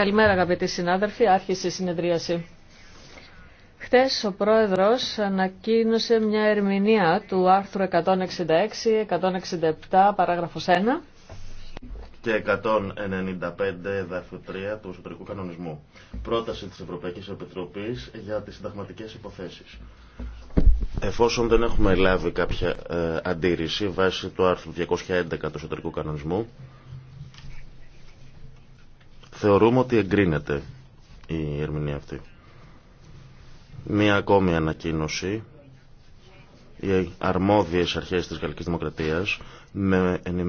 Καλημέρα αγαπητοί συνάδελφοι, άρχισε η συνεδρίαση. Χτες ο πρόεδρος ανακοίνωσε μια ερμηνεία του άρθρου 166, 167 παράγραφος 1 και 195 εδάφου 3 του εσωτερικού κανονισμού. Πρόταση της Ευρωπαϊκής Επιτροπής για τις συνταγματικές υποθέσεις. Εφόσον δεν έχουμε λάβει κάποια ε, αντίρρηση βάσει του άρθρου 211 του εσωτερικού κανονισμού, Θεωρούμε ότι εγκρίνεται η ερμηνεία αυτή. Μία ακόμη ανακοίνωση. Οι αρμόδιες αρχές της Γαλλικής Δημοκρατίας με ενημέρωση